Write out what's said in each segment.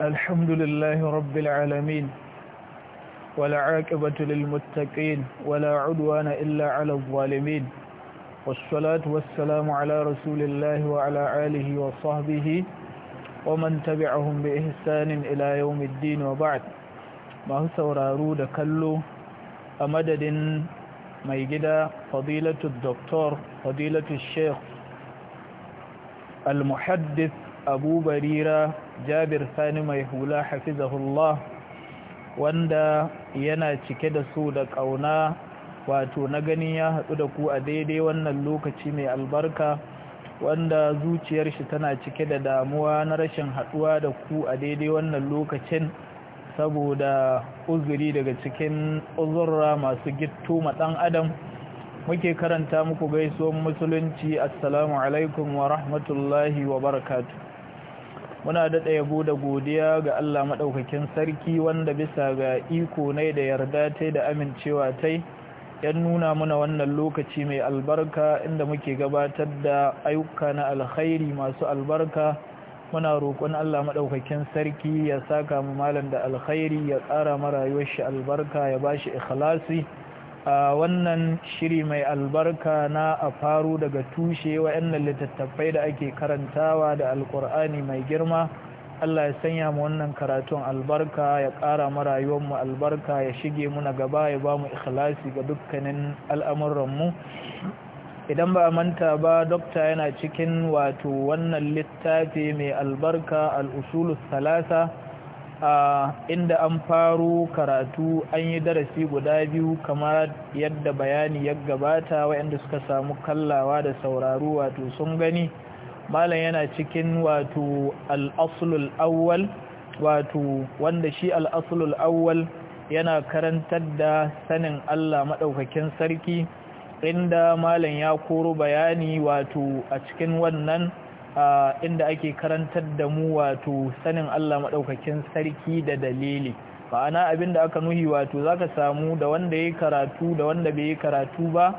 الحمد لله رب العالمين ولا عاقبة للمتقين ولا عدوان إلا على الظالمين والصلاة والسلام على رسول الله وعلى آله وصحبه ومن تبعهم بإحسان إلى يوم الدين وبعد ما هو سورارو دكالو أمدد ميجدا فضيلة الدكتور فضيلة الشيخ المحدث أبو بريرة jabir sani mai hula hafizahullah wanda yana cike da su da ƙauna wato na ganin ya haɗu da ku a daidai wannan lokaci mai albarka wanda zuciyar shi tana cike da damuwa na rashin haɗuwa da ku a daidai wannan lokacin saboda uzuri daga cikin uzurra masu gitto ma ɗan adam muke karanta muku gaisuwan musulunci assalamu alaikum wa rahmatullahi wa barakatu muna daɗa yabo da godiya ga Allah maɗaukakin sarki wanda bisa ga iko ne da yarda ta da amincewa ta yan nuna muna wannan lokaci mai albarka inda muke gabatar da ayyuka na alkhairi masu albarka muna roƙon Allah maɗaukakin sarki ya saka mu malam da alkhairi ya ƙara marayuwar shi albarka ya ba shi ikhlasi a wannan shiri mai albarka na a faru daga tushe wa'annan littattafai da ake karantawa da alkur'ani mai girma Allah ya sanya mu wannan karatun albarka ya ƙara mu mu albarka ya shige muna gaba ya ba mu ikhlasi ga dukkanin al'amuranmu idan ba a manta ba dokta yana cikin wato wannan littafi mai albarka al'usulu salasa inda an faru karatu an yi darasi guda biyu kamar yadda bayani ya gabata wayanda suka samu kallawa da sauraro wato sun gani malam yana cikin wato al'asulul awwal wato wanda shi al'asulul awwal yana karantar da sanin Allah maɗaukakin sarki inda malam ya koro bayani wato a cikin wannan inda ake karantar da mu wato sanin Allah maɗaukakin sarki da dalili ma'ana abin da aka nuhi wato zaka samu da wanda ya karatu da wanda bai karatu ba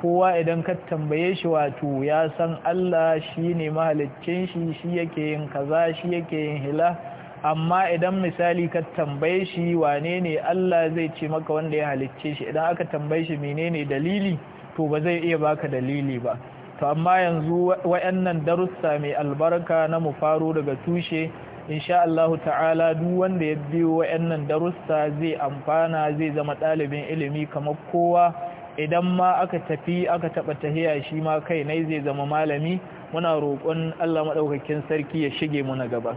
kowa idan ka tambaye shi wato ya san Allah shi ne mahaliccin shi shi yake yin kaza shi yake yin hila amma idan misali ka tambaye shi wane ne Allah zai ce maka wanda ya halicce shi idan aka tambaye shi menene dalili to ba zai iya baka dalili ba to amma yanzu wayannan darussa mai albarka na mu faro daga tushe insha allahu ta'ala duk wanda ya biyo wayannan darussa zai amfana zai zama ɗalibin ilimi kamar kowa idan ma aka tafi aka taɓa tahiya shi ma kai nai zai zama malami muna roƙon Allah maɗaukakin sarki ya shige mu na gaba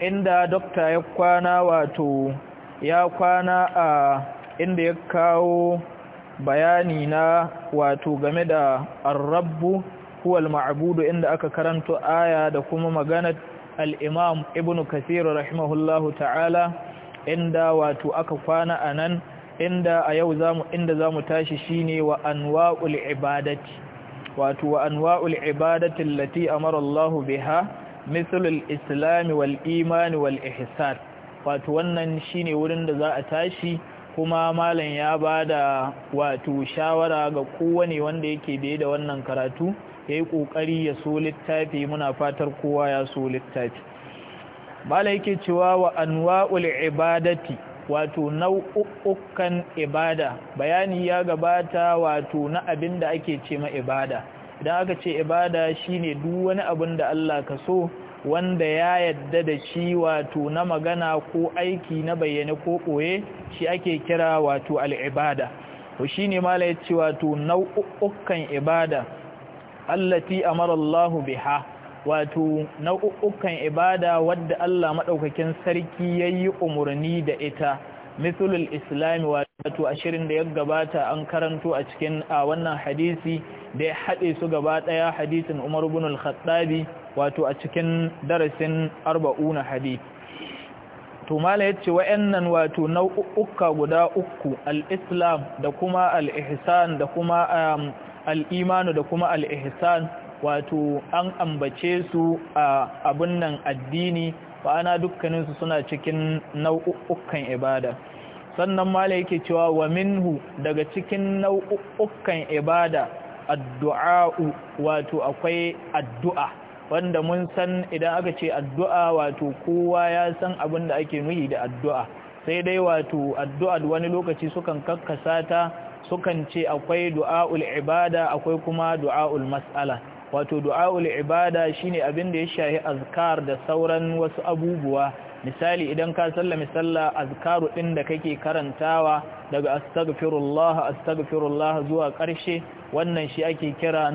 inda dokta ya kwana wato ya kwana a inda ya kawo bayani na wato game da arrabbu rabbu huwa mabudu inda aka karanto aya da kuma maganar al-imam ibnu kathir rahimahullahu ta'ala inda wato aka kwana anan inda a yau zamu inda zamu tashi shine wa anwa'ul ibadati wato wa anwa'ul ibadati lati amara Allah biha misal al-islam wal iman wal ihsan wato wannan shine wurin da za a tashi kuma malam ya ba da wato shawara ga kowane wanda yake biye da wannan karatu ya yi ƙoƙari ya so littafi muna fatar kowa ya so littafi malam yake cewa wa anwa'ul ibadati wato nau'ukan ibada bayani ya gabata wato na abin da ake ce ma ibada idan aka ce ibada shine duk wani abin da Allah ka so wanda ya yadda da shi wato na magana ko aiki na bayyane ko ɓoye shi ake kira wato al'ibada to shine mala ce wato nau'ukan ibada allati amarallahu biha wato nau’ukkan ibada wadda Allah maɗaukakin sarki ya yi umarni da ita mithlul islami wato ashirin da ya gabata an karanto a cikin a wannan hadisi da ya haɗe su gaba ɗaya hadisin Umar ibn al-Khattabi wato a cikin darasin arba'una hadith to mala yace wayannan wato nau'uka guda uku al-islam da kuma al-ihsan da kuma um, al-imanu da kuma al-ihsan wato an ambace su a abun nan addini fa ana dukkanin su suna cikin nau'ukan ibada sannan mala yake cewa wa minhu daga cikin nau'ukan ibada addu'a wato akwai addu'a wanda mun san idan aka ce addu'a wato kowa ya san abin da ake nuhi da addu'a sai dai wato addu'a wani lokaci sukan kakkasa ta sukan ce akwai du'a'ul ibada akwai kuma du'a'ul mas'ala wato du'a'ul ibada shine abin da ya shahi azkar da sauran wasu abubuwa misali idan ka sallami sallah azkaru din da kake karantawa daga astaghfirullah astaghfirullah zuwa ƙarshe wannan shi ake kira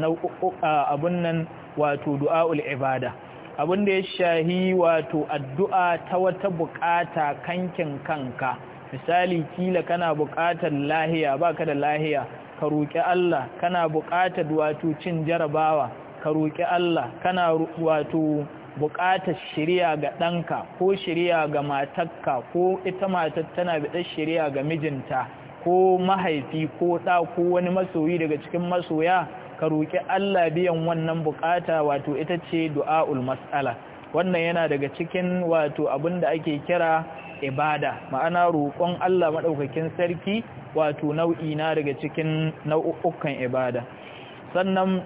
abun nan wato du'a'ul ibada abun da ya shahi wato addu'a ta wata bukata kankin kanka misali kila kana bukatar lahiya baka da lahiya ka roki Allah kana bukatar wato cin jarabawa ka roki Allah kana wato buƙatar shirya ga ɗanka ko shirya ga matakka ko ita matar tana biɗar shirya ga mijinta ko mahaifi ko ɗa ko wani masoyi daga cikin masoya ka roƙi Allah biyan wannan bukata wato ita ce du'aul mas'ala wannan yana daga cikin wato abin da ake kira ibada ma'ana roƙon Allah maɗaukakin sarki wato nau'i na daga cikin nau'ukan ibada sannan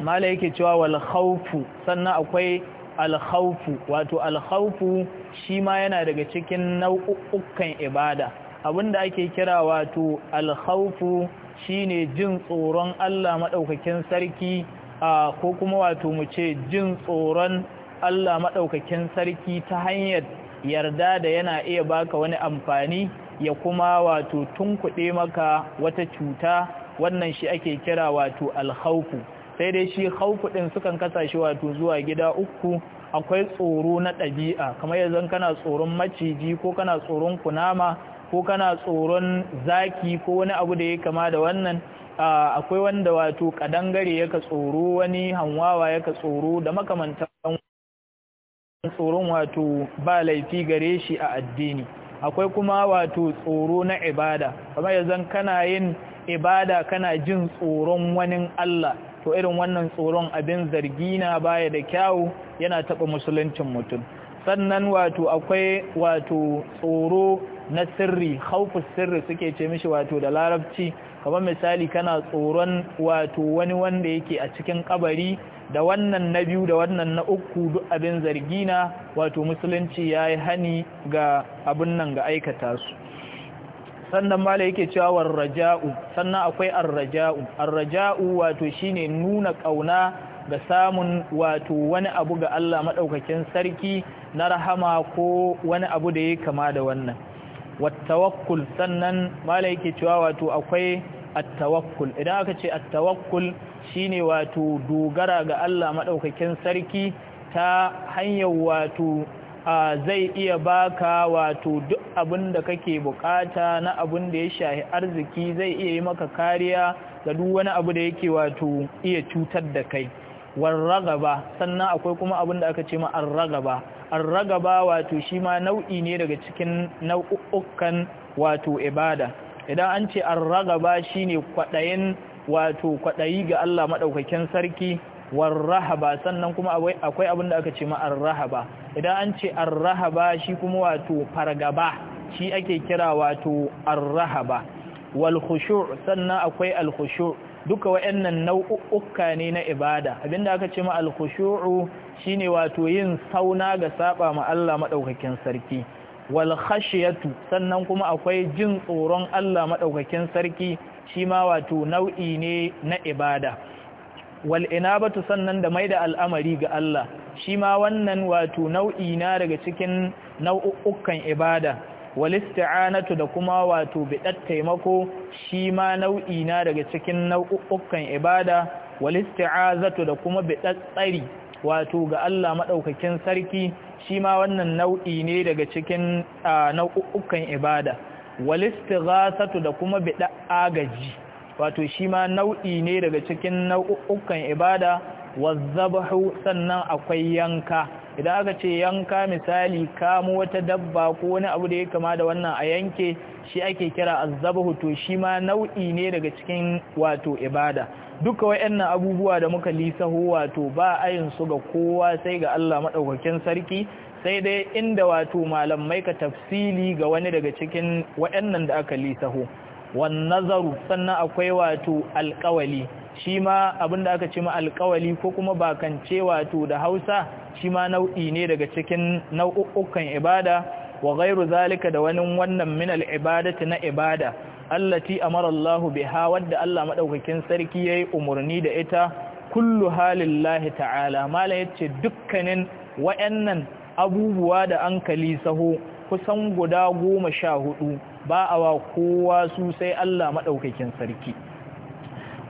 mala yake cewa wal sannan akwai alhaufu wato alhaufu khawfu shi ma yana daga cikin nau'ukan ibada abinda ake kira wato alhaufu shine jin tsoron Allah madaukakin sarki ko kuma wato mu ce jin tsoron Allah maɗaukakin sarki ta hanyar yarda da yana iya baka wani amfani ya kuma wato tun kuɗe maka wata cuta wannan shi ake kira wato alhaufu sai dai shi khawfu ɗin sukan kasa shi wato zuwa gida uku akwai tsoro na ɗabi'a kamar yanzu kana tsoron maciji ko kana tsoron kunama ko kana tsoron zaki ko wani abu da ya kama da wannan akwai wanda wato kadangare yaka tsoro wani hanwawa yaka tsoro da makamantan tsoron wato ba laifi gare shi a addini akwai kuma wato tsoro na ibada kamar yanzu kana yin ibada kana jin tsoron wani Allah to irin wannan tsoron abin zargi na baya da kyau yana taba musuluncin mutum sannan wato akwai wato tsoro na sirri haufin sirri suke ce mishi wato da larabci kamar misali kana tsoron wato wani wanda yake a cikin kabari da wannan na biyu da wannan na uku duk abin zargina wato musulunci ya yi hani ga abin nan ga aikata su sannan mala yake cewa warraja'u sannan akwai arraja'u arraja'u wato shine nuna kauna ga samun wato wani abu ga Allah madaukakin sarki na rahama ko wani abu da yake kama da wannan wattawakkul sannan mala yake cewa wato akwai attawakkul idan aka ce attawakkul shine wato dogara ga Allah madaukakin sarki ta hanyar wato zai iya baka wato duk abin da kake bukata na abin da ya shahi arziki zai iya yi maka kariya ga duk wani abu da yake wato iya cutar da kai warragaba sannan akwai kuma abin da aka ce ma ba. ar-ragaba wato shi ma nau'i ne daga cikin nau'ukan wato ibada idan an ce ar-ragaba shine kwadayin wato kwadayi ga Allah madaukakin sarki war-rahaba sannan kuma akwai abin da aka ce ma ar-rahaba idan an ce ar-rahaba shi kuma wato fargaba shi ake kira wato ar-rahaba wal khushu' sannan akwai al-khushu' duka wayannan nau'uka ne na ibada abinda aka ce ma al Shi ne wato yin sauna ga saba ma Allah maɗaukakin sarki wal khashiyatu sannan kuma akwai jin tsoron Allah maɗaukakin sarki shi ma wato nau'i ne na ibada wal inabatu sannan da mai da al'amari ga Allah shi ma wannan wato nau'i na daga cikin nau'ukan ibada walisti'anatu da kuma wato bidat taimako shi ma nau'i na daga cikin nau'ukan ibada walisti'azatu da kuma bidat tsari wato ga Allah maɗaukakin sarki shi ma wannan nau'i ne daga cikin nau'ukan ibada walistighasatu da kuma bida agaji wato shi ma nau'i ne daga cikin nau'ukan ibada wazzabhu sannan akwai yanka idan aka ce yanka misali kamo wata dabba ko wani abu da ya kama da wannan a yanke shi ake kira azzabahu to shi ma nau'i ne daga cikin wato ibada duka wayannan abubuwa da muka lisaho wato ba yin su ga kowa sai ga Allah madaukakin sarki sai dai inda wato malamai ka tafsili ga wani daga cikin wayannan da aka lisaho wan nazaru sannan akwai wato alqawali shi ma abinda aka ce ma alkawali ko kuma bakance wato da hausa shi ma nau'i ne daga cikin nau'ukan ibada wa gairu zalika da wani wannan min al'ibadati na ibada allati amara Allah biha wadda Allah madaukakin sarki yayi umurni da ita kullu halillahi ta'ala mala yace dukkanin wayannan abubuwa da ankali saho kusan guda goma sha hudu ba a wa kowa su sai Allah madaukakin sarki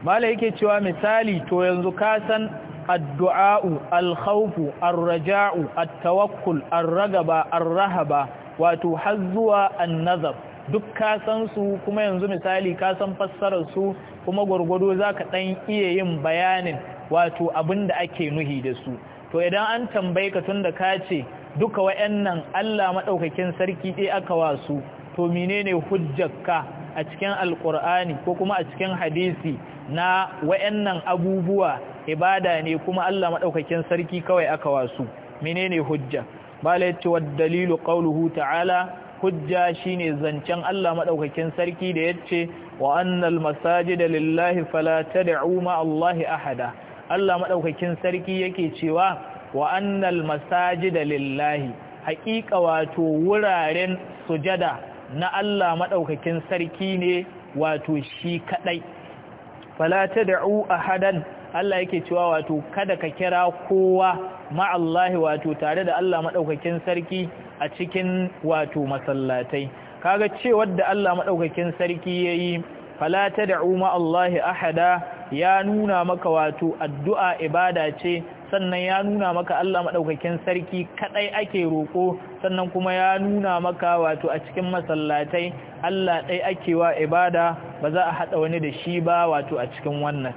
malai yake cewa misali to yanzu ka san addu'a'u alkhawfu arraja'u attawakkul arragaba arrahaba wato hazzuwa annazab duk ka san su kuma yanzu misali ka san fassarar su kuma gurgudo zaka dan iya yin bayanin wato abinda ake nuhi da su to idan an tambaye ka tunda ka ce duka wayannan Allah madaukakin sarki dai aka wasu to menene hujjarka a cikin alkur'ani ko kuma a cikin hadisi na wayannan abubuwa ibada ne kuma Allah maɗaukakin sarki kawai aka wasu menene hujja bala yace wad dalilu qawluhu ta'ala hujja shine zancen Allah maɗaukakin sarki da yace wa annal masajida lillahi fala tad'u ma Allahi ahada Allah maɗaukakin sarki yake cewa wa annal masajida lillahi haƙiƙa wato wuraren sujada na Allah maɗaukakin sarki ne wato shi kaɗai falata a ahadan Allah yake cewa wato kada ka kira kowa ma'allahi wato tare da Allah maɗaukakin sarki a cikin wato masallatai kaga cewar da Allah maɗaukakin sarki ya yi falata da'u ahada ya nuna maka wato addu'a ibada ce sannan ya nuna maka Allah maɗaukakin sarki kaɗai ake roƙo sannan kuma ya nuna maka wato a cikin masallatai Allah ɗai ake wa ibada ba za a haɗa wani da shi ba wato a cikin wannan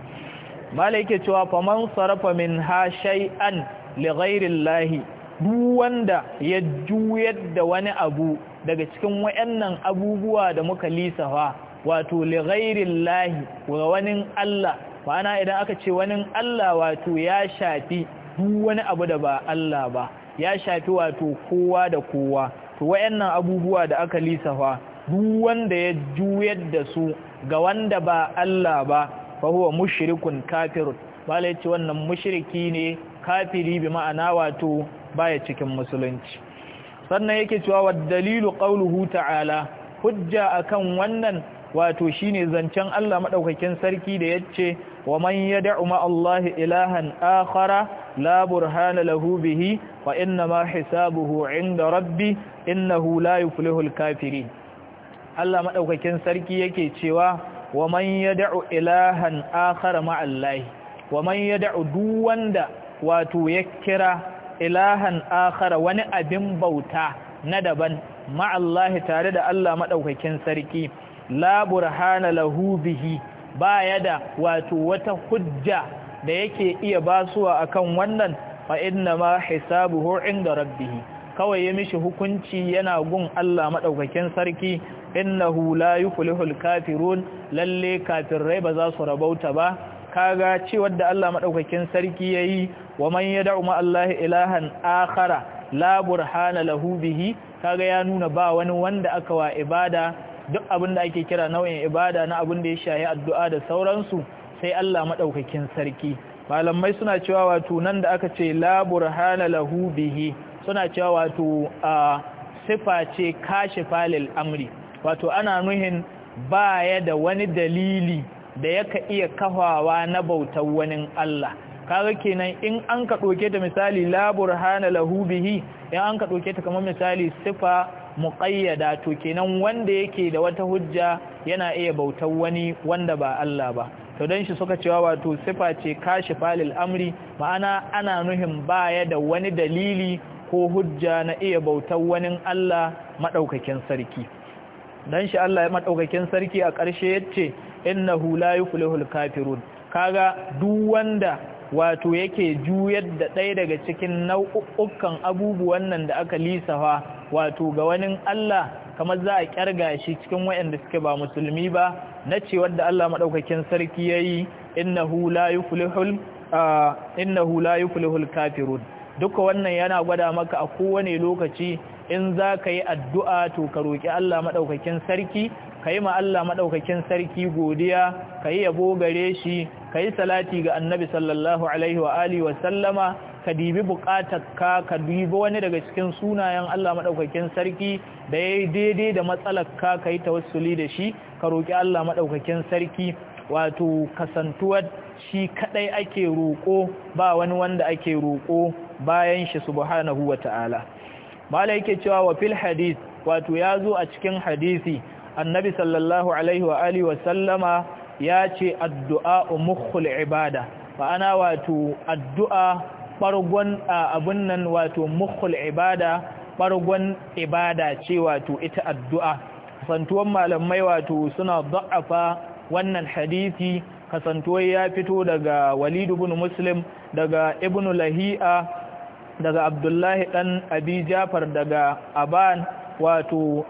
mala yake cewa faman sarrafa min ha shay'an li ghairillahi duk wanda ya juyar da wani abu daga cikin wayannan abubuwa da muka wa wato li ghairillahi wa wani Allah ma'ana idan aka ce wani Allah wato ya shafi duk wani abu da ba Allah ba ya shafi wato kowa da kowa to wayannan abubuwa da aka lisafa duk wanda ya juyar da su ga wanda ba Allah ba fa huwa mushrikun kafirun bala ce wannan mushriki ne kafiri bi ma'ana wato baya cikin musulunci sannan yake cewa wa dalilu qauluhu ta'ala hujja akan wannan wato shine zancen Allah maɗaukakin sarki da yace ومن يدع مع الله إلها آخر لا برهان له به فإنما حسابه عند ربي إنه لا يفله الكافرين الله مدوكاكين سركي yake cewa ومن يدع إلها آخر مع الله ومن يدع duk wanda wato ya kira ilahan akhara wani abin bauta na daban ma'allahi tare da Allah madaukakin sarki la burhana lahu bihi baya da wato wata hujja da yake iya basuwa akan wannan fa inna ma hisabuhu inda rabbih kawai ya mishi hukunci yana gun Allah madaukakin sarki innahu la yuflihul kafirun lalle kafirai ba za su rabauta ba kaga cewa da Allah madaukakin sarki yayi wa man yad'u ma Allah ilahan akhara la burhana lahu bihi kaga ya nuna ba wani wanda aka wa ibada duk abin da ake kira nau'in ibada na abin da ya shahi addu'a da sauransu sai Allah maɗaukakin sarki malamai suna cewa wato nan da aka ce la burhana lahu bihi suna cewa wato a sifa ce kashi falil amri wato ana nuhin baya da wani dalili da yaka iya kafawa na bautar wani Allah kaga kenan in an ka doke ta misali la burhana lahu bihi in an ka doke ta kamar misali sifa muƙayyada to kenan wanda yake da wata hujja yana iya bautar wani wanda ba Allah ba to don shi suka cewa wato sifa ce kashi falil amri ma'ana ana nuhin baya da wani dalili ko hujja na iya bautar wani Allah madaukakin sarki don shi Allah ya maɗaukakin sarki a ƙarshe ya ce innahu la yuflihul kafirun kaga duk wanda wato yake juyar da ɗaya daga cikin nau'ukan abubuwan nan da aka lisafa wato ga wani Allah kamar za a kyarga shi cikin waɗanda suke ba musulmi ba na ce wadda Allah maɗaukakin sarki ya yi innahu la yuflihul kafirun duka wannan yana gwada maka a kowane lokaci in za ka yi addu'a to ka roƙi Allah maɗaukakin sarki ka yi ma Allah maɗaukakin sarki godiya ka yi yabo gare shi ka yi salati ga annabi sallallahu alaihi wa wasallama ka dibi bukatarka ka ka dibi wani daga cikin sunayen Allah maɗaukakin sarki da ya yi daidai da matsalarka ka yi wasuli da shi ka roƙi Allah maɗaukakin sarki wato kasantuwar shi kaɗai ake roƙo ba wani wanda ake roƙo bayan shi subhanahu wa ta'ala malai yake cewa wa fil hadith wato ya zo a cikin hadisi annabi sallallahu alaihi wa alihi wa sallama ya ce addu'a mukhul ibada ma'ana wato addu'a bargon abun nan wato mukhul ibada bargon ibada ce wato ita addu'a kasantuwan malamai wato suna da'afa wannan hadisi kasantuwar ya fito daga walidu bun muslim daga ibn lahi'a daga abdullahi dan abi jafar daga aban wato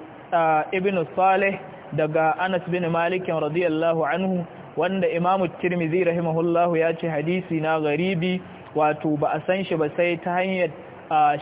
ibn salih daga anas bin malikin radiyallahu anhu wanda imamu tirmizi rahimahullahu ya ce hadisi na garibi wato ba a san shi ba sai ta hanyar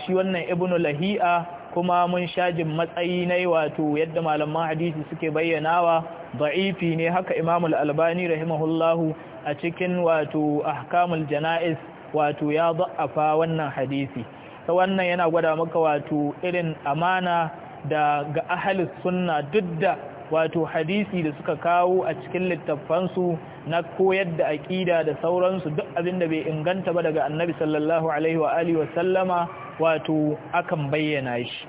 shi wannan ibn lahi'a kuma mun shajin matsayi ne wato yadda malaman hadisi suke bayyanawa da'ifi ne haka imamu albani rahimahullahu a cikin wato ahkamul jana'iz wato ya da'afa wannan hadisi ta wannan yana gwada maka wato irin amana da ga ahli sunna duk da wato hadisi da suka kawo a cikin littafansu na koyar da aƙida da sauransu duk abin da bai inganta ba daga annabi sallallahu alaihi wa alihi wa sallama wato akan bayyana shi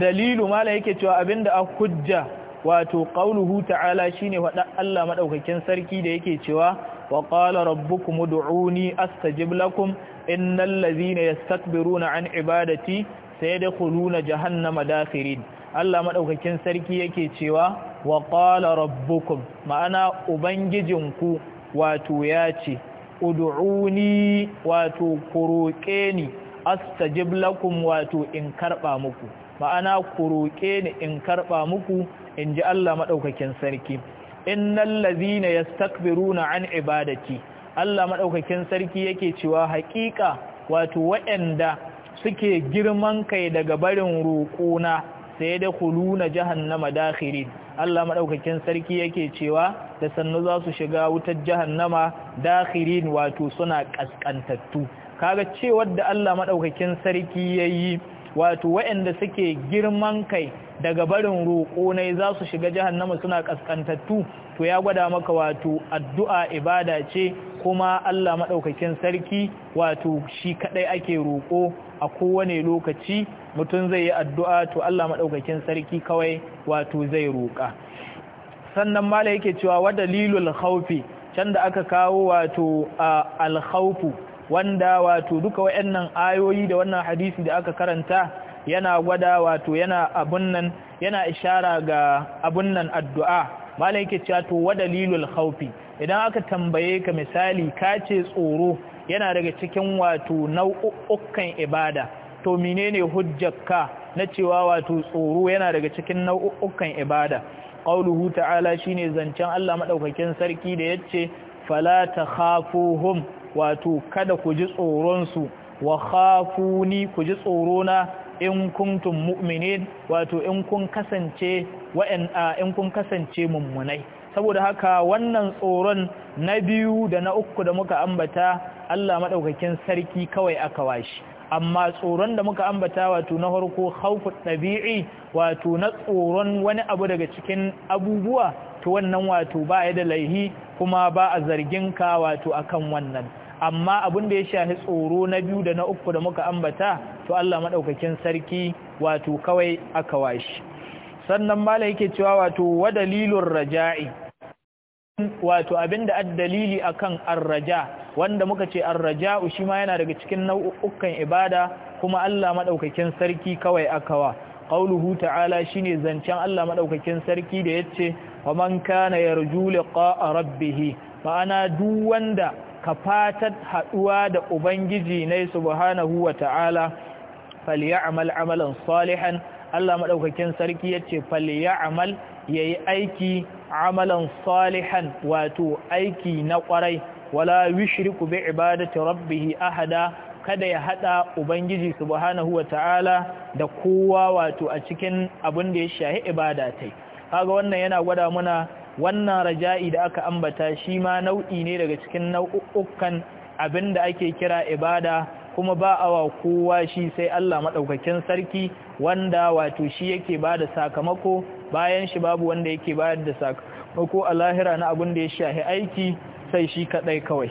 dalilu mala yake cewa abinda a hujja wato qauluhu ta'ala shine wada Allah madaukakin sarki da yake cewa wa qala rabbukum ud'uni astajib lakum innal ladhina yastakbiruna an ibadati sai da kuluna jahannama dafirin Allah maɗaukakin sarki yake cewa wa qala rabbukum ma'ana ubangijinku wato ya ce ud'uni wato kuroke ni astajib lakum wato in karba muku ma'ana kuroke ni in karba muku in ji Allah maɗaukakin sarki innal ladhina na an ibadati Allah maɗaukakin sarki yake cewa haƙiƙa wato waɗanda suke girman kai daga barin roƙona sai da kuluna jahannama dakhiri Allah madaukakin sarki yake cewa da sannu za su shiga wutar jahannama dakhiri wato suna kaskantattu kaga cewa da Allah madaukakin sarki yayi wato waɗanda suke girman kai daga barin roƙonai za su shiga jahannama suna kaskantattu to ya gwada maka wato addu'a ibada ce kuma Allah maɗaukakin sarki wato shi kaɗai ake roƙo a kowane lokaci mutum zai yi addu'a to Allah maɗaukakin sarki kawai wato zai roƙa sannan mala yake cewa wa dalilul khawfi can da aka kawo wato alkhawfu wanda wato duka wayannan ayoyi da wannan hadisi da aka karanta yana gwada wato yana abun nan yana ishara ga abun nan addu'a malam yake cewa to wa dalilul khawfi idan aka tambaye ka misali ka ce tsoro yana daga cikin wato nau'ukan ibada to menene hujjarka na cewa wato tsoro yana daga cikin nau'ukan ibada qauluhu ta'ala shine zancen Allah madaukakin sarki da yace fala takhafuhum wato kada ku ji tsoron su wa khafuni ku ji tsoro na in kuntum mu'minin wato in kun kasance in kun kasance mummunai saboda haka wannan tsoron na biyu da na uku da muka ambata Allah madaukakin sarki kawai aka washi amma tsoron da muka ambata wato na harko khawfu tabi'i wato na tsoron wani abu daga cikin abubuwa to wannan wato ba ya da laihi kuma ba a zargin ka wato akan wannan amma abin da ya shahi tsoro na biyu da na uku da muka ambata to Allah madaukakin sarki wato kawai aka washi sannan malai yake cewa wato wa dalilur raja'i wato abinda addalili akan raja wanda muka ce arraja'u shi ma yana daga cikin nau'ukan ibada kuma Allah madaukakin sarki kawai aka wa qauluhu ta'ala shine zancen Allah madaukakin sarki da yace wa man kana yarju liqa rabbih ma'ana duk wanda ka fatan haɗuwa da ubangiji ne subhanahu wa ta'ala amal amalan salihan Allah maɗaukakin sarki ya ce falyamal ya yi aiki amalan salihan wato aiki na ƙwarai wala ku bi ibadati rabbihi ahada kada ya hada ubangiji subhanahu ta'ala da kowa wato a cikin abin da ya shahi ibadatai kaga wannan yana gwada muna wannan raja'i da aka ambata shi ma nau'i ne daga cikin nau'ukan abin da ake kira ibada kuma ba a wa kowa shi sai Allah maɗaukakin sarki wanda wato shi yake ba da sakamako bayan shi babu wanda yake ba da sakamako a lahira na abin da ya shahi aiki sai shi kaɗai kawai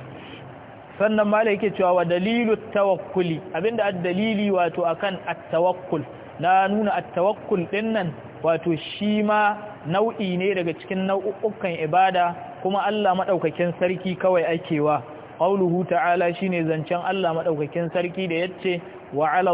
sannan da yake cewa wa dalilu tawakkuli abin abinda dalili wato akan attawakkul na nuna attawakkul ɗin dinnan wato shi ma nau'i ne daga cikin nau'ukan ibada kuma Allah maɗaukakin sarki kawai akewa qauluhu ta'ala shine zancen Allah maɗaukakin sarki da yace wa 'ala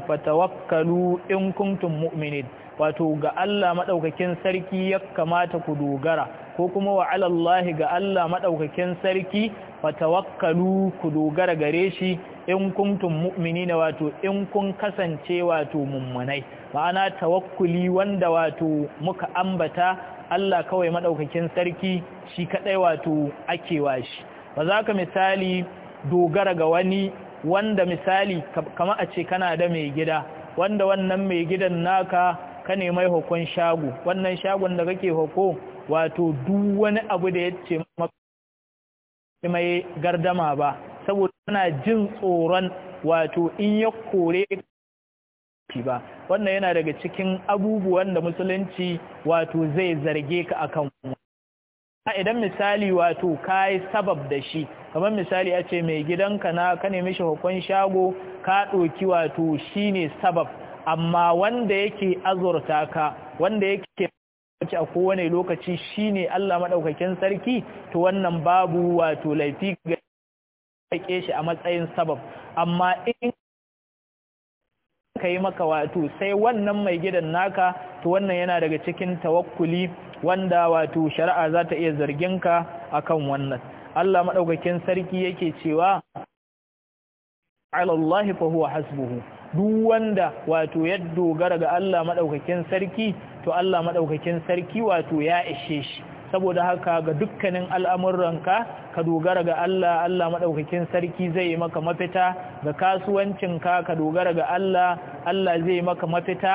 fa fatawakkalu in kuntum mu'minin wato ga Allah maɗaukakin sarki ya kamata ku dogara ko kuma wa alallahi ga Allah maɗaukakin sarki wa tawakkalu ku dogara gare shi in kuntum mu'minina wato in kun kasance wato mummunai ma'ana tawakkuli wanda wato muka ambata Allah kawai maɗaukakin sarki shi kaɗai wato ake shi ba za ka misali dogara ga wani wanda misali kama a ce kana da mai gida wanda wannan mai gidan naka ka nemi hukun shago wannan shagon da kake hoko wato duk wani abu da ya ce mai gardama ba saboda tana jin tsoron wato in ya kore ba wannan yana daga cikin abubuwan da musulunci wato zai zarge ka akan idan misali wato kayi sabab da shi kamar misali a ce mai gidanka na ka nemi shi hukun shago ka ɗoki wato shine sabab amma wanda yake azurta ka wanda yake wace a kowane lokaci shine Allah madaukakin sarki to wannan babu wato laifi ga kake shi a matsayin sabab amma in kai maka wato sai wannan mai gidan naka to wannan yana daga cikin tawakkuli wanda wato shari'a za ta iya zargin ka akan wannan Allah madaukakin sarki yake cewa ala Allah fa huwa hasbuhu duk wanda wato ya dogara ga Allah madaukakin sarki to Allah madaukakin sarki wato ya ishe shi saboda haka ga dukkanin al'amuran ka ka dogara ga Allah Allah maɗaukakin sarki zai maka mafita ga kasuwancinka ka dogara ga Allah Allah zai maka mafita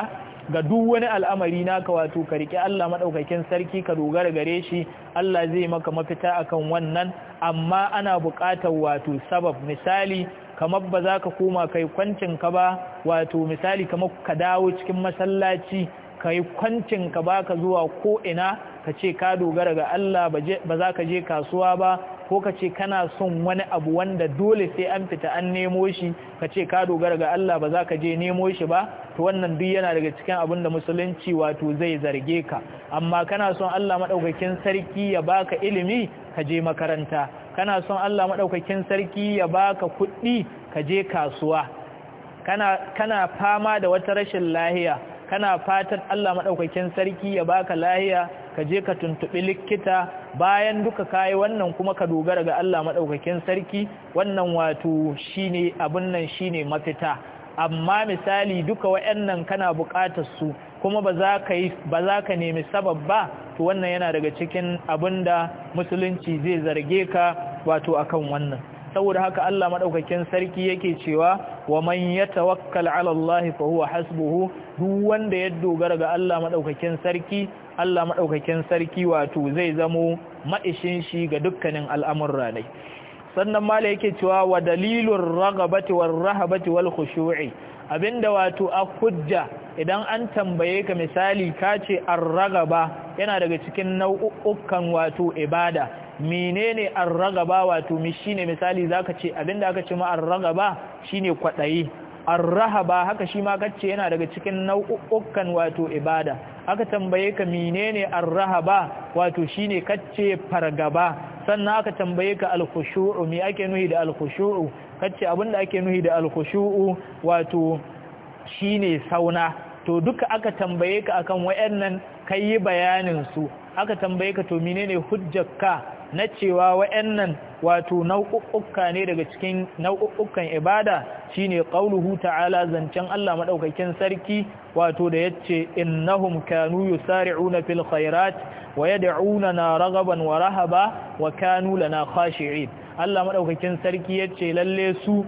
ga duk wani al'amari naka wato ka riƙe Allah maɗaukakin sarki ka dogara gare shi Allah zai maka mafita akan wannan amma ana buƙatar wato sabab misali kamar ba za ka koma kai kwancin ka ba wato misali kamar ka dawo cikin masallaci kai kwancin ka ba ka zuwa ko ina ka ce ka dogara ga Allah ba za ka je kasuwa ba ko ka ce kana son wani abu wanda dole sai an fita an nemo shi ka ce ka dogara ga Allah ba za ka je nemo shi ba to wannan duk yana daga cikin abin da musulunci wato zai zarge ka amma kana son Allah madaukakin sarki ya baka ilimi ka je makaranta kana son Allah madaukakin sarki ya baka kuɗi ka je kasuwa kana kana fama da wata rashin lahiya kana fatan Allah maɗaukakin sarki ya baka lahiya ka je ka tuntuɓi likita bayan duka kayi wannan kuma ka dogara ga Allah maɗaukakin sarki wannan wato shine abin nan shine mafita amma misali duka wa'annan kana buƙatar su kuma ba za ka yi ba ka nemi sabab ba to wannan yana daga cikin abinda musulunci zai zarge ka wato akan wannan saboda haka Allah madaukakin sarki yake cewa wa man yatawakkal ala Allah fa huwa hasbuhu duk wanda ya dogara ga Allah madaukakin sarki Allah madaukakin sarki wato zai zamo maishin shi ga dukkanin al'amurra ne sannan mala yake cewa wa dalilur ragabati war rahabati wal khushu'i abinda wato a hujja idan an tambaye ka misali ka ce ar-ragaba yana daga cikin nau'ukan wato ibada menene ar ba wato mi shine misali zaka ce abinda aka ce ma ar-ragaba shine kwadayi ar ba haka shi ma kace yana daga cikin nau'ukan wato ibada aka tambaye ka menene ar ba wato shine kace fargaba sannan aka tambaye ka al mi ake nuhi da al kace abinda ake nuhi da al wato wato shine sauna to duka aka tambaye ka akan wayannan kai bayanin su aka tambaye ka to menene hujjarka na cewa wa'annan wato nau'uka ne daga cikin nau'ukan ibada shine qauluhu ta'ala zancen Allah madaukakin sarki wato da yace innahum kanu yusari'una fil khairat wa yad'unana raghaban wa rahaba wa kanu lana khashi'in Allah madaukakin sarki yace lalle su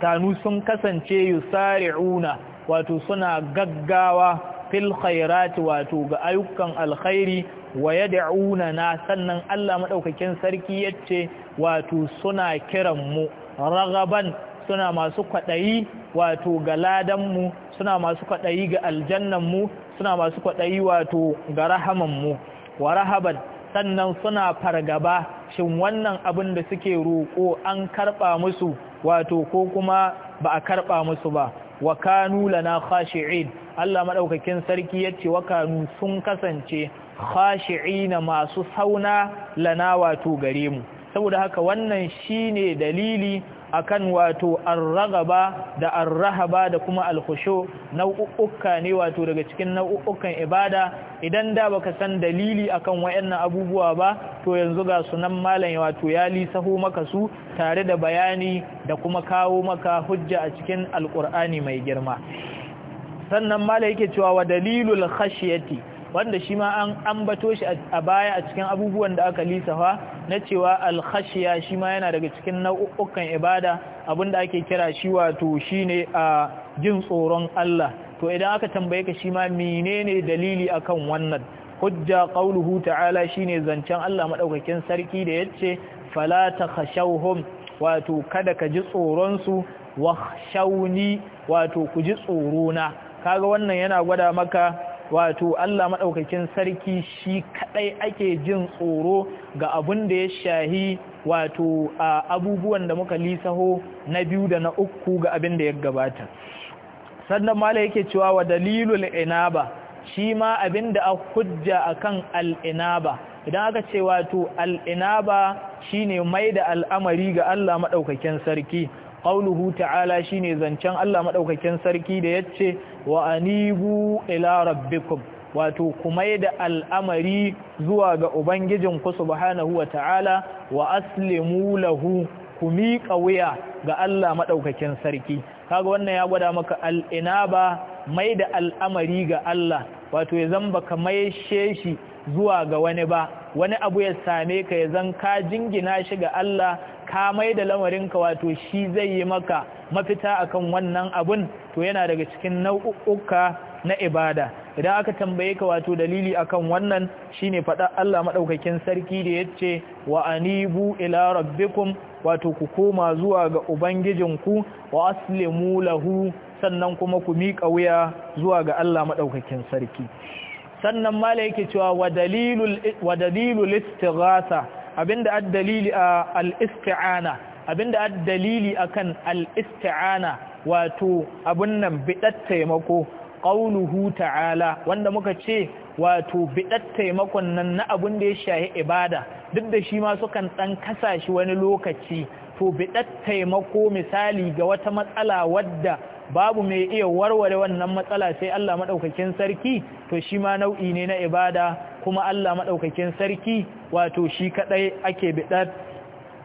kanu sun kasance yusari'una wato suna gaggawa fil khairat wato ga ayyukan alkhairi wa yad'una na sannan Allah madaukakin sarki yace wato suna kiran mu ragaban suna masu kwadayi wato ga ladan mu suna masu kwadayi ga aljannan mu suna masu kwadayi wato ga rahaman mu wa rahaban sannan suna fargaba shin wannan abin da suke roko an karɓa musu wato ko kuma ba a karɓa musu ba wa kanu lana khashi'in Allah madaukakin sarki yace wa kanu sun kasance khashi'ina masu sauna lana wato gare mu saboda haka wannan shine dalili akan wato ar-ragaba da ar-rahaba da kuma al-khushu ne wato daga cikin nau'ukan ibada idan da baka san dalili akan wayannan abubuwa ba to yanzu ga sunan malam wato ya lisaho maka su tare da bayani da kuma kawo maka hujja a cikin alqur'ani mai girma sannan malam yake cewa wa dalilul khashyati wanda shi ma an ambato shi a baya a cikin abubuwan da aka lisafa na cewa alkhashiya shi ma yana daga cikin nau'ukan ibada abinda ake kira shi wato shine a jin tsoron Allah to idan aka tambaye ka shi ma menene dalili akan wannan hujja qauluhu ta'ala shine zancen Allah madaukakin sarki da yace fala takhashawhum wato kada ka ji tsoron su wakhshawni wato ku ji tsoro na kaga wannan yana gwada maka wato Allah maɗaukakin sarki shi kaɗai ake jin tsoro ga abin da ya shahi wato abubuwan da muka lisaho na biyu da na uku ga abin da ya gabata sannan mala yake cewa wa dalilul inaba shi ma abin da a hujja akan al'inaba idan aka ce wato al'inaba shi ne mai da al'amari ga Allah maɗaukakin sarki qauluhu ta'ala shine zancen Allah madaukakin sarki da yace wa anibu ila rabbikum wato kuma da al'amari zuwa ga ubangijin ku subhanahu wa ta'ala wa aslimu lahu ku miƙa wuya ga Allah madaukakin sarki kaga wannan ya gwada maka al'inaba mai da al'amari ga Allah wato ya zan baka maishe shi zuwa ga wani ba wani abu ya same ka ya zan ka jingina shi ga Allah ka mai da lamarinka wato shi zai yi maka mafita akan wannan abun to yana daga cikin nau'uka na ibada idan aka tambaye ka wato dalili akan wannan shine faɗan Allah madaukakin sarki da yace wa anibu ila rabbikum wato ku koma zuwa ga ubangijinku wa aslimu lahu sannan kuma ku miƙa wuya zuwa ga Allah madaukakin sarki sannan mala yake cewa wa dalilul istighatha abinda addalili a al-isti'ana abinda addalili akan al-isti'ana wato abun nan bidat taimako qauluhu ta'ala wanda muka ce wato biɗar taimakon nan na abun da ya shahi ibada duk da shi ma sukan ɗan kasa shi wani lokaci to biɗar taimako misali ga wata matsala wadda babu mai iya warware wannan matsala sai Allah madaukakin sarki to shi ma nau'i ne na ibada kuma Allah maɗaukakin sarki wato shi kaɗai ake biɗar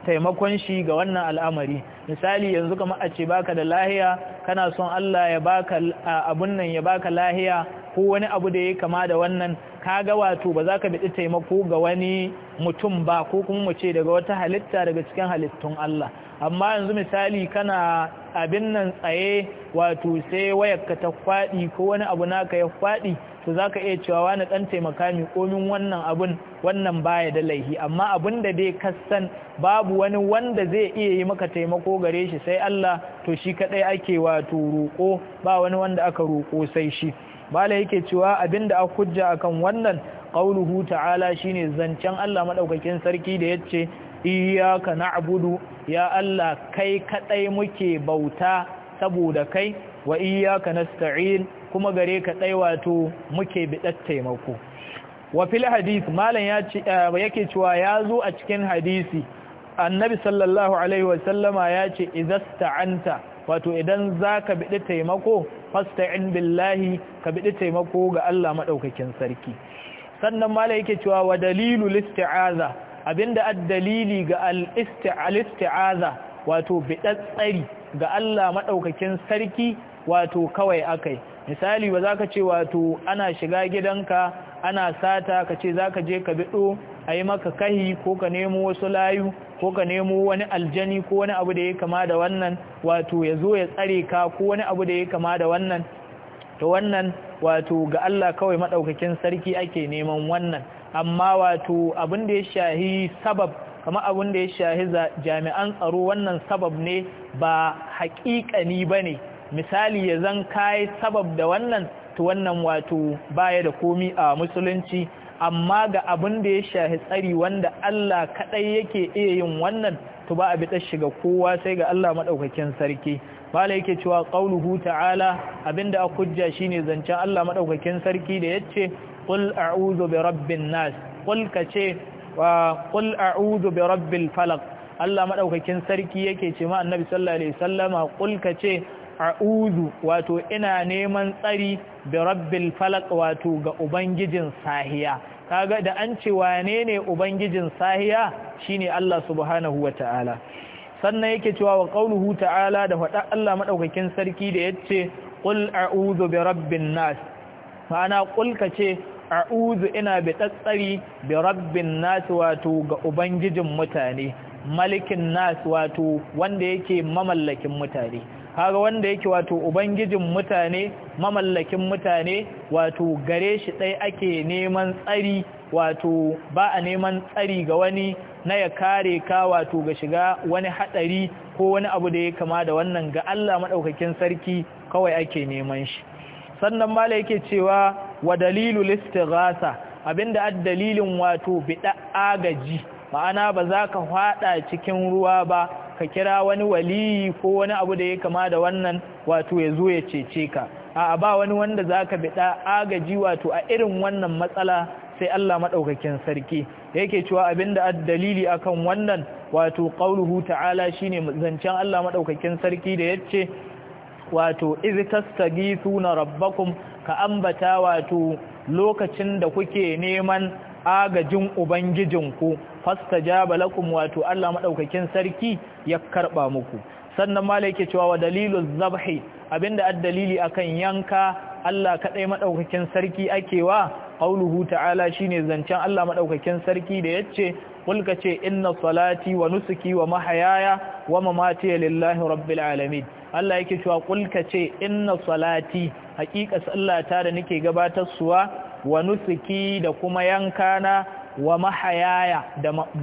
taimakon shi ga wannan al'amari misali yanzu kamar a ce baka da lahiya kana son Allah ya baka abun nan ya baka lahiya ko wani abu da ya kama da wannan kaga wato ba za ka biɗi taimako ga wani mutum ba ko kuma mu ce daga wata halitta daga cikin halittun Allah amma yanzu misali kana abin nan tsaye wato sai wayarka ta faɗi ko wani abu naka ya faɗi to zaka iya cewa wani ɗan taimaka mi komin wannan abun wannan baya da laihi amma abin da dai kasan babu wani wanda zai iya yi maka taimako gare shi sai Allah to shi kaɗai ake wato roƙo ba wani wanda aka roƙo sai shi bala yake cewa abinda da aka hujja akan wannan qauluhu ta'ala shine zancen Allah madaukakin sarki da yace iyyaka na'budu ya Allah kai kadai muke bauta saboda kai wa iyyaka nasta'in kuma gare ka dai wato muke bidat taimako wa fil hadith malan ya eh, yake cewa ya zo a cikin hadisi annabi sallallahu alaihi sallama ya ce izasta'anta wato idan zaka bidi taimako fasta'in billahi ka bidi taimako ga Allah madaukakin sarki sannan malan yake cewa wa dalilul isti'aza Abin abinda addalili ga al-isti'aza wato bidatsari ga Allah madaukakin sarki wato kawai akai misali ba za ka ce wato ana shiga gidanka ana sata ka ce za je ka biɗo a yi maka kahi ko ka nemo wasu layu ko ka nemo wani aljani ko wani abu da ya kama da wannan wato ya ya tsare ka ko wani abu da ya kama da wannan to wannan wato ga Allah kawai maɗaukakin sarki ake neman wannan amma wato abin da ya shahi sabab kama abin da ya shahi jami'an tsaro wannan sabab ne ba haƙiƙani ba ne misali ya zan kai sabab da wannan ta wannan wato baya da komi a musulunci amma ga abin da ya shahi tsari wanda Allah kaɗai yake iya yin wannan to ba a bi shiga kowa sai ga Allah maɗaukakin sarki bala yake cewa qauluhu ta'ala abinda a kujja shine zancen Allah maɗaukakin sarki da yace Kul a'udhu bi rabbin nas qul kace wa kul a'udhu bi rabbil falaq Allah madaukakin sarki yake ce ma annabi sallallahu alaihi wasallama qul kace a'udhu wato ina neman tsari bi rabbil falaq wato ga ubangijin sahiya kaga da an ce wane ne ubangijin sahiya shine Allah subhanahu wataala sannan yake cewa wa qauluhu ta'ala da faɗa Allah madaukakin sarki da yace qul a'udhu bi rabbin nas ma'ana qul kace a'udhu ina bi tsatsari bi rabbin nas wato ga ubangijin mutane malikin nas wato wanda yake mamallakin mutane kaga wanda yake wato ubangijin mutane mamallakin mutane wato gare shi dai ake neman tsari wato ba a neman tsari ga wani na ya kare ka wato ga shiga wani hadari ko wani abu da ya kama da wannan ga Allah madaukakin sarki kawai ake neman shi sannan mala yake cewa wa dalilu istighasa abinda dalilin wato bida agaji ma'ana ba za ka fada cikin ruwa ba ka kira wani waliyi ko wani abu da ya kama da wannan wato ya zo ya cece ka a ba wani wanda za ka bida agaji wato a irin wannan matsala sai Allah maɗaukakin sarki yake cewa abinda dalili akan wannan wato qauluhu ta'ala shine zancen Allah maɗaukakin sarki da yace wato iz tastagithuna rabbakum ka ambata wato lokacin da kuke neman agajin ubangijinku fasta jaba lakum wato Allah maɗaukakin sarki ya karɓa muku sannan mala yake cewa wa dalilu zabhi abinda dalili akan yanka Allah kaɗai maɗaukakin sarki akewa qauluhu ta'ala shine zancen Allah madaukakin sarki da yace kulka ce inna salati wa nusuki wa mahayaya wa mamati lillahi rabbil alamin Allah yake cewa kulka ce inna salati haƙiƙa sallata da nake gabatar suwa wa nusuki da kuma yankana wa mahayaya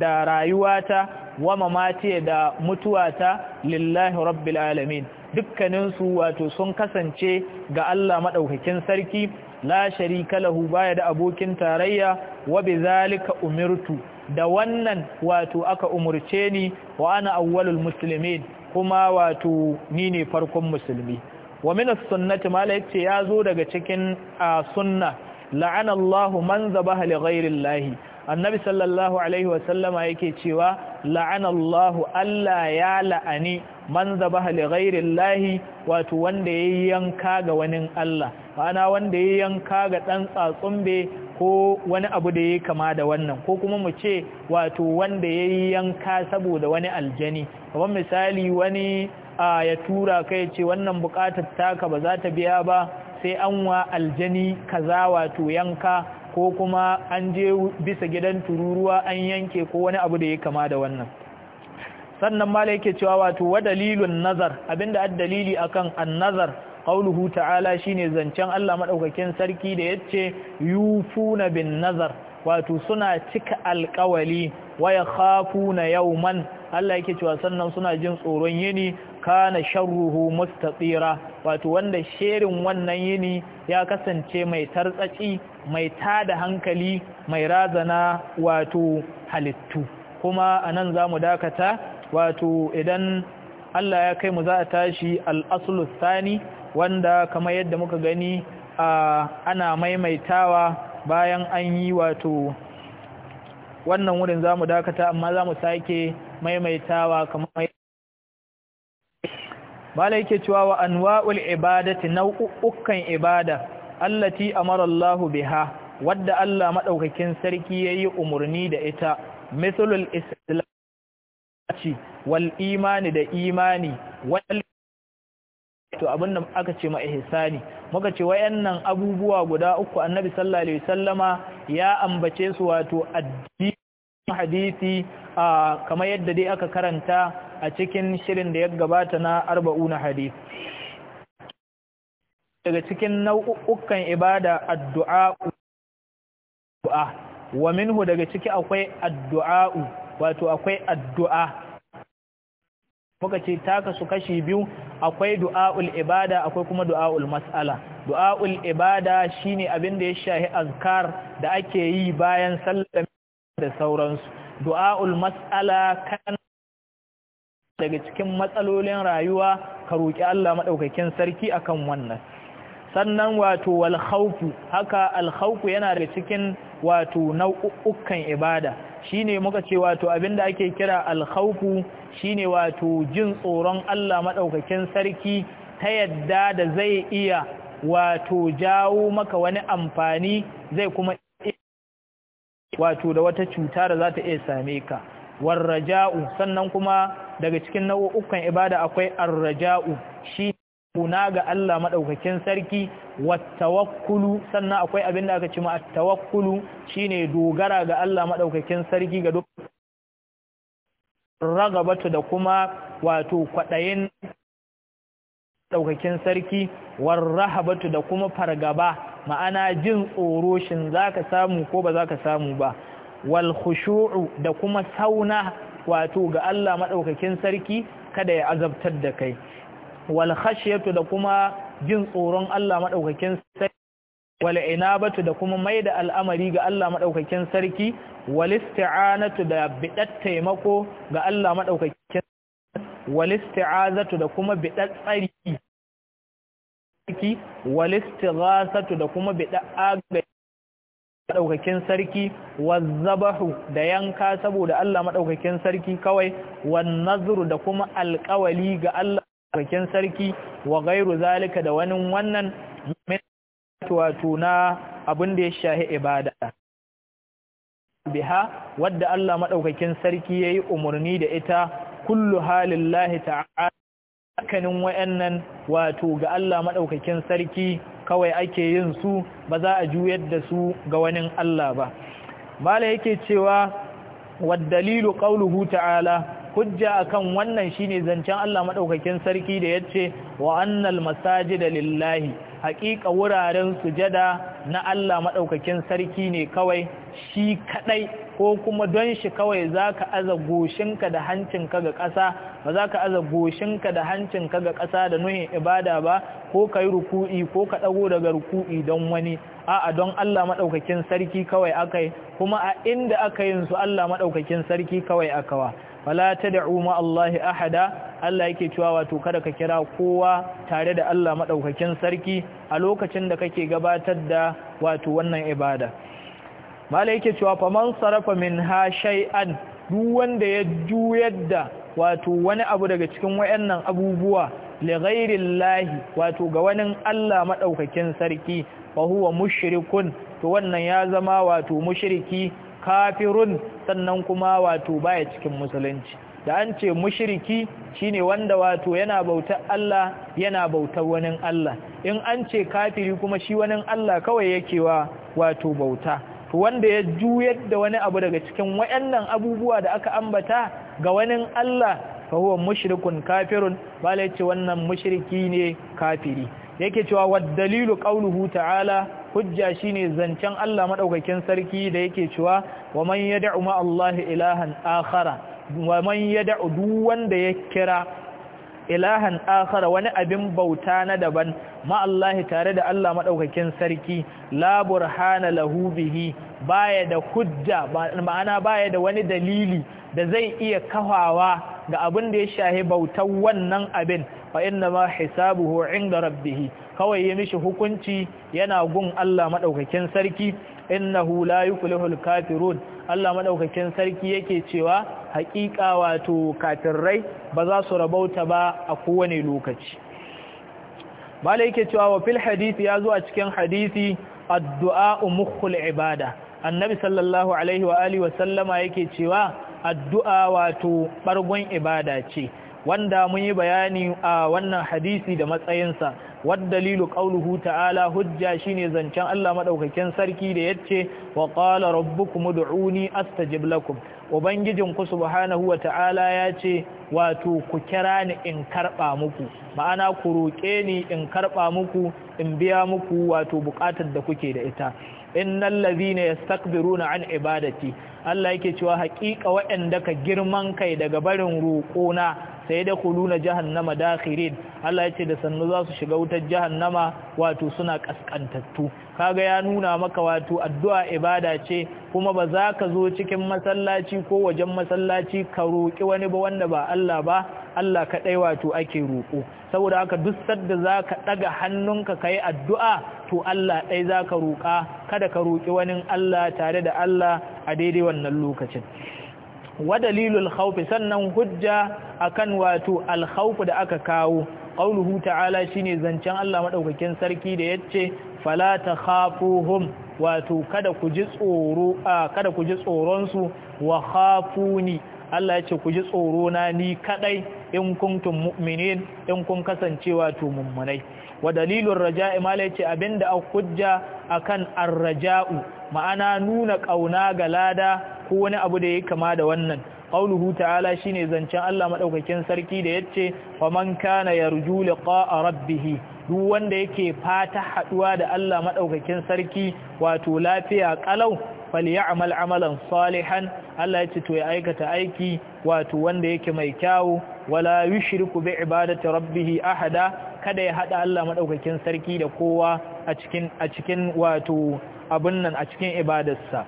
da rayuwata wa mamati da mutuwata lillahi rabbil alamin dukkaninsu wato sun kasance ga Allah madaukakin sarki la sharika lahu baya da abokin tarayya wa bizalika umirtu da wannan wato aka umurce ni wa ana awwalul muslimin kuma wato ni ne farkon musulmi wa min as-sunnati mala yace yazo daga cikin sunna la'ana Allahu man zabaha li ghayri annabi sallallahu alaihi wasallama yake cewa la'anallahu Allah ya la'ani man zabaha li ghairillahi wato wanda yayi yanka ga wani Allah ana wanda yayi yanka ga dan tsatsumbe ko wani abu da yayi kama da wannan ko kuma mu ce wato wanda yayi yanka saboda wani aljani kamar misali wani ya tura kai ce wannan bukatar taka ba za ta biya ba sai an wa aljani kaza wato yanka ko kuma an je bisa gidan tururuwa an yanke ko wani abu da ya kama da wannan sannan mala yake cewa wato wa dalilun nazar abinda ad dalili akan an nazar qauluhu ta'ala shine zancen Allah madaukakin sarki da yace yufuna bin nazar wato suna cika alkawali waya yau man. Allah yake cewa sannan suna jin tsoron yini kana sharruhu mustatira wato wanda sherin wannan yini ya kasance mai tartsaci mai tada hankali mai razana wato halittu kuma anan zamu dakata wato idan Allah ya kai mu za a tashi al-aslu thani wanda kamar yadda muka gani ana maimaitawa bayan an yi wato wannan wurin zamu dakata amma zamu sake maimaitawa kamar bala yake cewa wa anwa'ul ibadati nau'ukan ibada allati amara Allah biha wadda Allah madaukakin sarki yayi umurni da ita mithlul islamati wal imani da imani wal to abinda aka ce ma ihsani muka ce wayannan abubuwa guda uku annabi sallallahu alaihi wasallama ya ambace su wato addini hadisi kamar yadda dai aka karanta a cikin shirin da ya gabata na arba'una hadith daga cikin nau'ukan ibada addu'a addu'a wa minhu daga ciki akwai addu'a wato akwai addu'a muka ce ta kasu kashi biyu akwai du'a'ul ibada akwai kuma du'a'ul mas'ala du'a'ul ibada shine abin da ya shahi azkar da ake yi bayan sallar da sauransu du'a'ul mas'ala kan daga cikin matsalolin rayuwa ka roƙi Allah maɗaukakin sarki akan wannan sannan wato wal haka alhaufu yana daga cikin wato nau'ukan ibada shine muka ce wato abinda ake kira alhaufu shi shine wato jin tsoron Allah maɗaukakin sarki ta yadda da zai iya wato jawo maka wani amfani zai kuma wato da wata cuta da za ta iya same ka warraja'u sannan kuma daga cikin nau'ukan ibada akwai arraja'u shi kuna ga Allah madaukakin sarki wattawakkulu sannan akwai abin da aka ce ma attawakkulu shine dogara ga Allah madaukakin sarki ga duk ragabatu da kuma wato kwadayin daukakin sarki warrahabatu da kuma fargaba ma'ana jin tsoroshin shin zaka samu ko ba zaka samu ba wal khushu'u da kuma sauna wato ga Allah madaukakin sarki kada ya azabtar da kai wal khashyatu da kuma jin tsoron Allah madaukakin sarki wal inabatu da kuma maida al'amari ga Allah madaukakin sarki wal isti'anatu da bidat taimako ga Allah madaukakin wal isti'azatu da kuma bidat tsari wal istighasatu da kuma bidat agaji maɗaukakin sarki wazzabahu da yanka saboda Allah maɗaukakin sarki kawai wannazuru da kuma alkawali ga Allah maɗaukakin sarki wa gairu zalika da wani wannan wato na abin da ya shahi ibada biha wadda Allah maɗaukakin sarki ya yi umarni da ita kullu halillahi ta'ala kanin wayannan wato ga Allah maɗaukakin sarki kawai ake yin su ba za a juyar da su ga wani Allah ba mala yake cewa waddalilu ƙaunuhu ta'ala hujja akan wannan shine zancen Allah madaukakin sarki da yace wa annal masajida lillahi haqiqa wuraren sujada na Allah madaukakin sarki ne kawai shi kadai ko kuma don shi kawai zaka aza goshinka da hancinka ga ƙasa ba zaka aza goshinka da hancinka ga ƙasa da nuhin ibada ba ko kai ruku'i ko ka dago daga ruku'i don wani a'a don Allah madaukakin sarki kawai akai kuma a inda aka yin su Allah madaukakin sarki kawai akawa fala tad'u ma Allah ahada Allah yake cewa wato kada ka kira kowa tare da Allah madaukakin sarki a lokacin da kake gabatar da wato wannan ibada malai yake cewa faman sarafa minha shay'an duk wanda ya juyar da wato wani abu daga cikin wayannan abubuwa li ghairillahi wato ga wani Allah madaukakin sarki fa huwa mushrikun to wannan ya zama wato mushriki kafirun sannan kuma wato baya cikin musulunci da an ce mushriki shine wanda wato yana bautar Allah yana bautar wani Allah in an ce kafiri kuma shi wani Allah kawai yake wa wato bauta to wanda ya juyar da wani abu daga cikin wayannan abubuwa da aka ambata ga wani Allah fa huwa mushrikun kafirun bala yace wannan mushriki ne kafiri yake cewa wad dalilu qawluhu ta'ala hujja shine zancen Allah madaukakin sarki da yake cewa wa man yad'u ma ilahan akhara wa man yad'u duk wanda ya kira ilahan akhara wani abin bauta na daban ma tare da Allah madaukakin sarki la burhana lahu bihi baya da hujja ma'ana baya da wani dalili da zai iya kafawa ga abin da ya shahi bautar wannan abin fa inna ma hisabuhu inda rabbih kawai ya mishi hukunci yana gun Allah madaukakin sarki innahu la yuflihul kafirun Allah madaukakin sarki yake cewa haƙiƙa wato kafirai ba za su rabauta ba a kowane lokaci bala yake cewa wa fil hadisi ya zo a cikin hadisi addu'a mukhul ibada annabi sallallahu alaihi wa alihi wa sallama yake cewa addu'a wato bargon ibada ce wanda mun yi bayani a wannan hadisi da matsayinsa dalilu qauluhu ta'ala hujja shine zancen Allah madaukakin sarki da yace wa qala rabbukum ud'uni astajib lakum ubangijin ku subhanahu wa ta'ala yace wato ku kira ni in karba muku ma'ana ku roke ni in karba muku in biya muku wato bukatar da kuke da ita innal ladhina yastakbiruna an ibadati Allah yake cewa haƙiƙa waɗanda ka girman kai daga barin roƙona sai da kuluna jahannama dakhirin Allah yace da sannu za su shiga wutar jahannama wato suna kaskantattu kaga ya nuna maka wato addu'a ibada ce kuma ba za ka zo cikin masallaci ko wajen masallaci ka roki wani ba wanda ba Allah ba Allah kaɗai wato ake roƙo saboda haka duk sadda za ka ɗaga hannunka ka yi addu'a to Allah ɗai za ka roƙa kada ka roƙi wani Allah tare da Allah a daidai wannan lokacin wadalilul haufi sannan hujja akan wato al da aka kawo qauluhu ta'ala shine zancen Allah madaukakin sarki da yace fala takhafuhum wato kada ku ji tsoro kada ku ji tsoron su wa khafuni Allah yace ku ji tsoro na ni kadai in kuntum mu'minin in kun kasance wato mummunai wa raja'i mala yace abinda a hujja akan arraja'u ma'ana nuna kauna ga lada ko wani abu da ya kama da wannan qauluhu ta'ala shine zancen Allah madaukakin sarki da yace wa man kana yarju liqa'a rabbih duk wanda yake fata haduwa da Allah madaukakin sarki wato lafiya kalau falyamal amalan salihan Allah yace to ya aikata aiki wato wanda yake mai kyau wala yushriku bi ibadati rabbih ahada kada ya hada Allah madaukakin sarki da kowa a cikin a cikin wato abun nan a cikin ibadarsa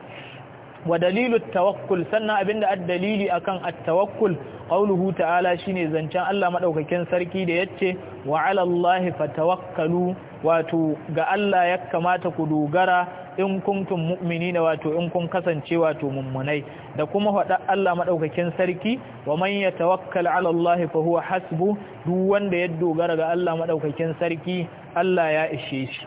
wa dalilu tawakkul sannan abinda addalili akan at-tawakkul qauluhu ta'ala shine zancen Allah madaukakin sarki da yace wa 'ala Allahi fatawakkalu wato ga Allah ya kamata ku dogara in kuntum mu'minina wato in kun kasance wato mummunai da kuma faɗa Allah madaukakin sarki wa man yatawakkal 'ala Allahi fa huwa hasbu duk wanda ya dogara ga Allah madaukakin sarki Allah ya ishe shi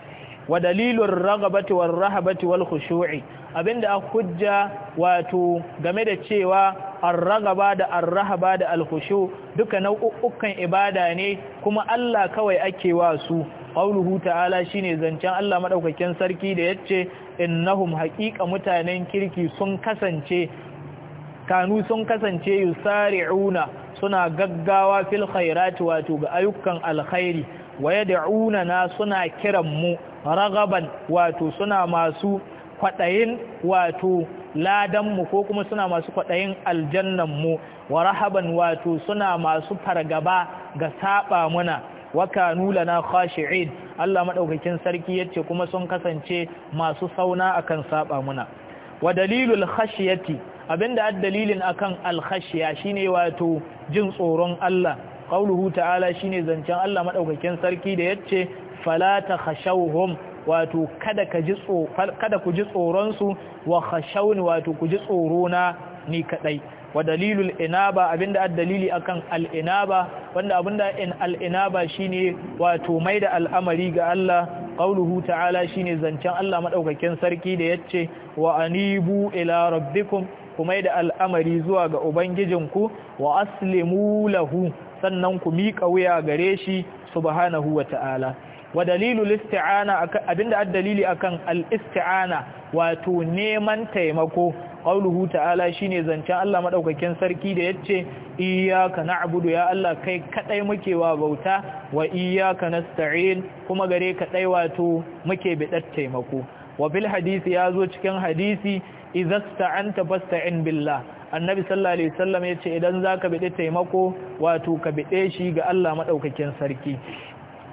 wa dalilun ragabati wal rahabati wal khushu'i abinda a hujja wato game da cewa ar-ragaba da ar-rahaba da al-khushu duka nau'ukan ibada ne kuma Allah kawai ake wa su qauluhu ta'ala shine zancen Allah madaukakin sarki da yace innahum haqiqa mutanen kirki sun kasance kanu sun kasance yusari'una suna gaggawa fil khairati wato ga ayyukan alkhairi wa yad'una na suna kiran mu ragaban wato suna masu kwaɗayin wato ladanmu ko kuma suna masu kwaɗayin aljannanmu wa rahaban wato suna masu fargaba ga saba muna wa nula na khashi'in Allah madaukakin sarki yace kuma sun kasance masu sauna akan saba muna wa dalilul khashiyati abinda addalilin akan alkhashiya shine wato jin tsoron Allah qauluhu ta'ala shine zancen Allah madaukakin sarki da yace fala khashawhum wato kada ka ji kada ku ji tsoron su wa khashawni wato ku ji tsoro na ni kadai wa dalilul inaba abinda dalili akan al-inaba wanda abinda in al-inaba shine wato mai da al'amari ga Allah qauluhu ta'ala shine zancen Allah madaukakin sarki da yace wa anibu ila rabbikum mai da al'amari zuwa ga ubangijinku wa aslimu lahu sannan ku miƙa wuya gare shi subhanahu wa ta'ala wa dalilul isti'ana abinda addalili akan al-isti'ana wato neman taimako qauluhu ta'ala shine zancen Allah madaukakin sarki da yace iyyaka na'budu ya Allah kai kadai muke wa bauta wa iyyaka nasta'in kuma gare ka dai wato muke bidar taimako wa ya hadisi yazo cikin hadisi idza sta'anta fasta'in billah annabi sallallahu alaihi wasallam yace idan zaka biɗe taimako wato ka bide shi ga Allah madaukakin sarki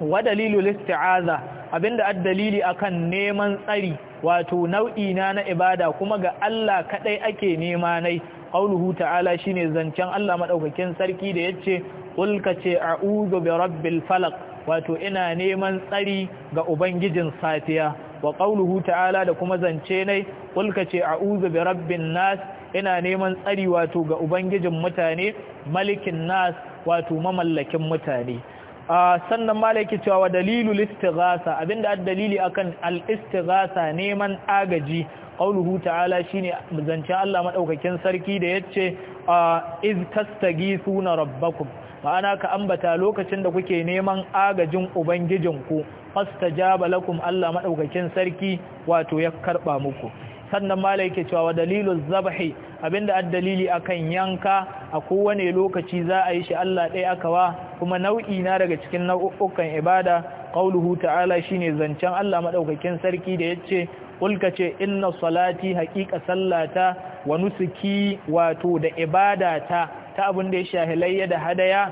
wa dalilu isti'aza abinda addalili akan neman tsari wato nau'i na na ibada kuma ga Allah kadai ake nema nai qauluhu ta'ala shine zancen Allah madaukakin sarki da yace qul ka ce a'udhu bi rabbil falaq wato ina neman tsari ga ubangijin safiya wa qauluhu ta'ala da kuma zance nai qul ka ce a'udhu bi rabbin nas ina neman tsari wato ga ubangijin mutane malikin nas wato mamallakin mutane Ah, sannan mala yake cewa wa dalilul istighasa abinda ad-dalili akan al-istighasa neman agaji qauluhu ta'ala shine zance Allah madaukakin sarki da yace ah, iz tastagifuna rabbakum ma'ana ka ambata lokacin da kuke neman agajin ubangijinku fastajaba lakum Allah madaukakin sarki wato ya karba muku sannan mala ke cewa wa dalilu zabahi abinda addalili akan yanka a kowane lokaci za a yi shi Allah ɗaya aka wa kuma nau'i na daga cikin nau'ukan ibada qauluhu ta'ala shine zancen Allah madaukakin sarki da yace ulka ce inna salati haqiqa sallata wa nusuki wato da ibadata ta abin da ya shahilayya da hadaya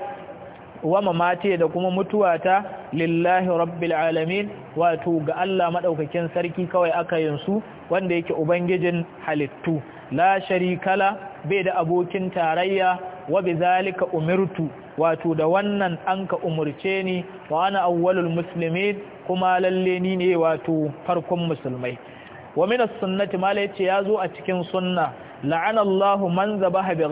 wa mamate da kuma mutuwata lillahi rabbil alamin wato ga Allah madaukakin sarki kawai aka yin su wanda yake ubangijin halittu la sharikala bai da abokin tarayya wa bizalika umirtu wato da wannan anka umurce ni wa ana awwalul muslimin kuma lalle ni ne wato farkon musulmai wa min as-sunnati mala yace yazo a cikin sunna la'anallahu man zabaha bi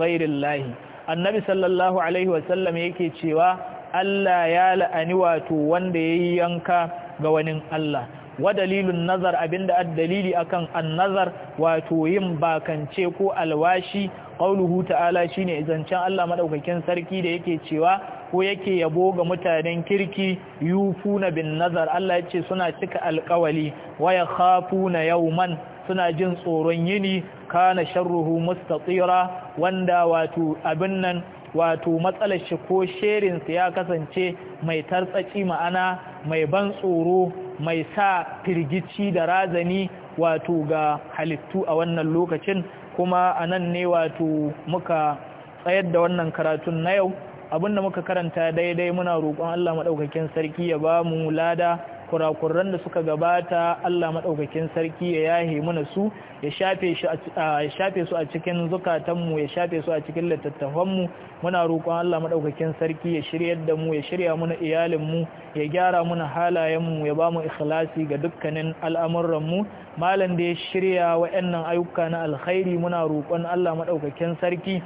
annabi sallallahu alaihi wasallam yake cewa Allah ya la'ani wato wanda yayi yanka ga wani Allah wa dalilun nazar abinda addalili akan annazar wato yin bakance ko alwashi qauluhu ta'ala shine zancen Allah madaukakin sarki da yake cewa ko yake yabo ga mutanen kirki yufuna bin nazar Allah yace suna cika alqawali wa yakhafuna yawman suna jin tsoron yini kana sharruhu mustatira wanda wato abin nan wato matsalar shi ko sherin sa ya kasance mai tartsaci ma'ana mai ban tsoro mai sa firgici da razani wato ga halittu a wannan lokacin kuma anan ne wato muka tsayar da wannan karatun na yau abinda muka karanta daidai muna roƙon Allah maɗaukakin sarki ya ba mu lada kurakuran da suka gabata Allah maɗaukakin sarki ya yahe muna su ya shafe su a cikin zukatanmu ya shafe su a cikin littattafanmu muna roƙon Allah maɗaukakin sarki ya shirya da mu ya shirya muna mu ya gyara muna halayen mu ya ba mu ikhlasi ga dukkanin al'amuranmu malam da ya shirya wa'annan ayyuka na alkhairi muna roƙon Allah maɗaukakin sarki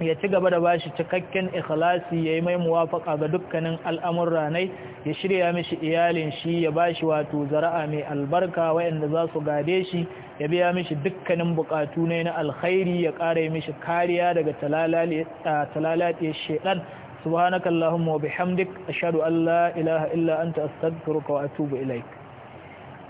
ya ci gaba da bashi cikakken ikhlasi ya yi mai muwafaka ga dukkanin al’amun ranai ya shirya mishi iyalin shi ya ba shi wato zara'a mai albarka wayanda za su gade shi ya biya mishi dukkanin bukatu ne na alkhairi ya ƙara mishi kariya daga talalatiyar shaidan subhanakallahumma wa bihamdik ashhadu an la ilaha illa anta astaghfiruka wa atubu ilaik